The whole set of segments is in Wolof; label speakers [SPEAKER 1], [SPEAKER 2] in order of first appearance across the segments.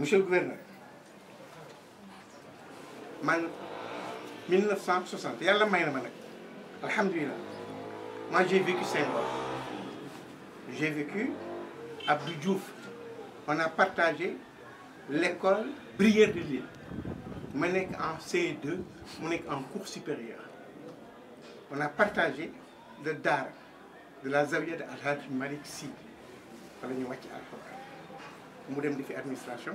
[SPEAKER 1] Monsieur le gouverneur man 1960 yàlla ma moi j'ai vécu ans. j'ai vécu Abdou Diouf on a partagé l'école Brière de Lille Je suis en CE2 je suis en cours supérieur on a partagé le dar de la zawiya de Alhaji Malik Sy fa Je ñu wàcc alxuraan mu dem di fi administration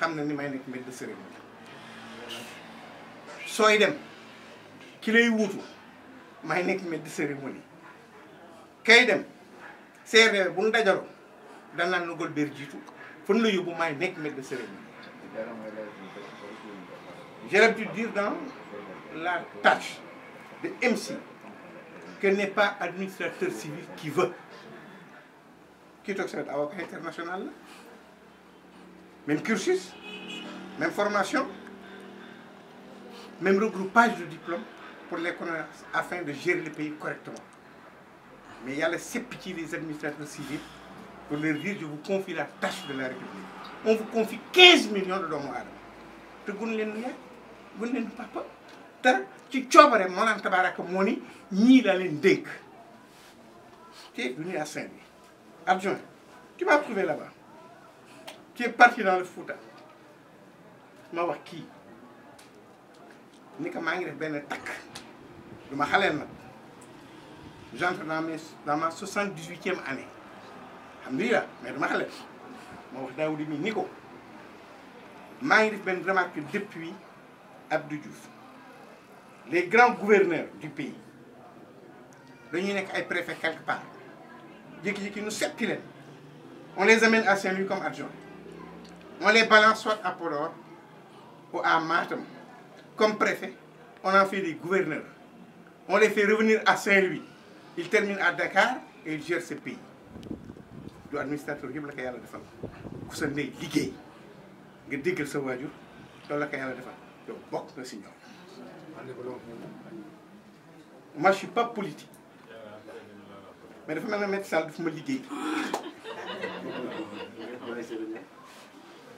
[SPEAKER 1] xam na ni may nekk mbedd sëriñ sooy dem ki lay wuutu may nekk de cérémonie kay dem seere bu nu dajaloo danaan nu Golbert jiitu fan la yóbbu may nekk mbedd cérémonie j'ai l'habitude de dire dans la tâche de MC que n'est pas administrateur civil qui veut kii toog sa wet avocat international même cursus, même formation, même regroupage de diplômes pour les connaissances afin de gérer le pays correctement. Mais il y a les pitié des administrateurs civils pour leur dire je vous confie la tâche de la République. On vous confie 15 millions de dollars. Vous te gën vous yaay gën le papa dara ci coobare moo naan tabaaraka ni ñii laa leen dénk te venu à Saint-Louis adjoint tu vas trouver là-bas qui es parti dans le Fouta ma wax kii ni ko maa ngi def benn takk du ma xaleel nag j'entre dans mes dans ma soixante e année alhamdulilah mais du ma xaleel ma wax Daouda mi ni ko maa def benn remarque depuis Abdou Diouf les grands gouverneurs du pays dañuy nekk ay préfets quelque part jékki-jékki ñu setti on les amène à Saint-Louis comme adjoint on les balance soit à Polor ou à Matam. Comme préfet, on en fait des gouverneurs. On les fait revenir à Saint-Louis. Ils terminent à Dakar et ils gèrent ce pays. du administrateur la sont defal sa Ils sa la defal Ils Ils moi je suis pas politique mais dafa me Ils ça Sall Ils ma liguer.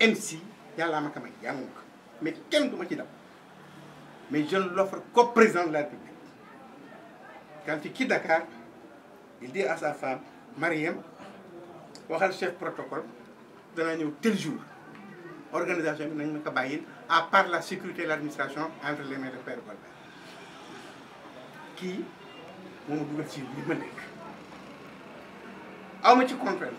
[SPEAKER 1] MC il y a la yaa mais quel du mais je ne l'offre qu'au président de la République quand il quitte Dakar il dit à sa femme Mariam waxal chef protocole danaa ñëw tel jour organisation de nañ à part la sécurité et l'administration entre les mains de Père qui kii mooma dugal ci li ma nekk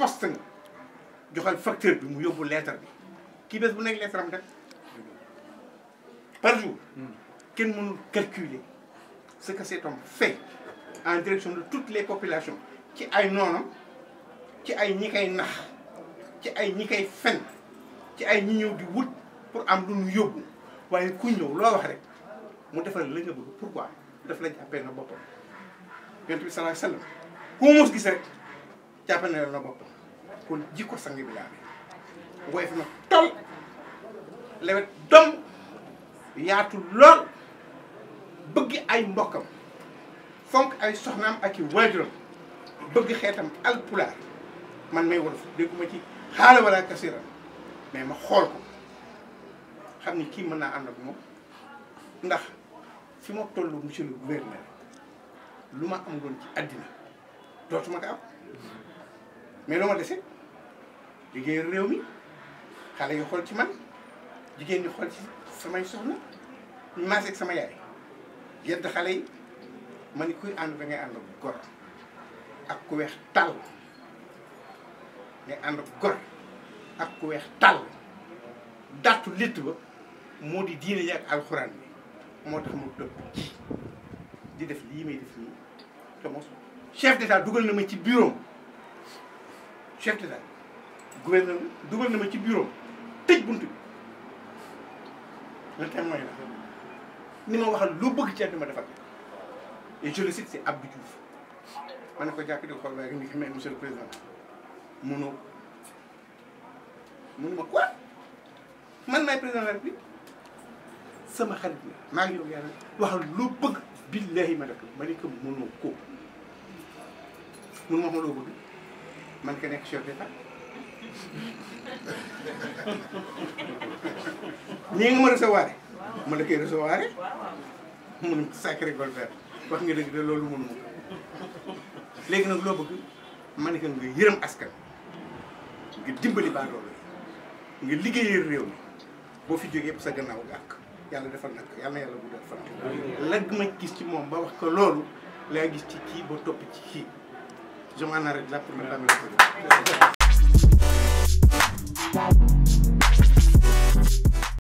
[SPEAKER 1] poste joxal facteur bi mu yóbbu leetar bi kii bés bu nekk lettre am dem par jour hmm. kenn mënul calculer ce que cet homme en direction de toutes les populations ci ay noonam ci ay ñi koy nax ci ay ñi koy fen ci ay ñi ñëw di wut pour am lu ñu yóbbu waaye ku ñëw loo wax rek mu defal la nga bëgg pourquoi daf la jàppee na boppam yonent bi sallallahu alayhi wa sallam gis rek jàppee na la boppam kon jikko sang bi laa ne woyof na tol lewet dom yaatu lool bëgg ay mbokkam fonk ay soxnaam ak i waajuram bëgg xeetam alpulaar man may wolof dégguma ci xaala wala kasiran mais ma xool ko xam ni kii mën naa ànd ak moom ndax fi ma toll monsieur le gouverneur lu ma am doon ci àddina dootuma ko am mais lu ma dese liggéey réew mi xale yu xool ci man jigéen ñi xool ci samay soxna ñu maase sama yaay yedd xale yi ma ni kuy ànd da ànd ak gor ak ku weex tàll ngay ànd ak gor ak ku weex tàll dàttu létt ba moo di diine yi ak alxuraan bi moo tax mu dëpp di def lii may def nii te mos chef d'état dugal na ma ci bureau chef d'état gouverneur dugal na ma ci bureau tëj bunt bi le témoin la ni ma waxal loo bëgg ci àdduna ma defal et je le cite c'est Abdou Diouf ma ne ko jàkk di ko xool waaye ni xam ne monsieur maa ngi yow yàlla waxal loo bëgg billahi ma ma ne ko mënoo ko mënuma ma loo bëgg man ka nekk chef d'état ñii nga ma recevoir ma la koy recevoir mun sacré golfère wax nga dëgg de loolu mënu ma léegi nag loo bëgg ma nga yërëm askan nga dimbali baa loolu nga liggéeyal réew mi boo fi jógee yëpp sa gannaaw ga ak yàlla defal nag yàlla na yàlla fa fan lag ma gis ci moom ba wax ko loolu laa gis ci kii ba topp ci kii je m'en arrête là pour me Bye.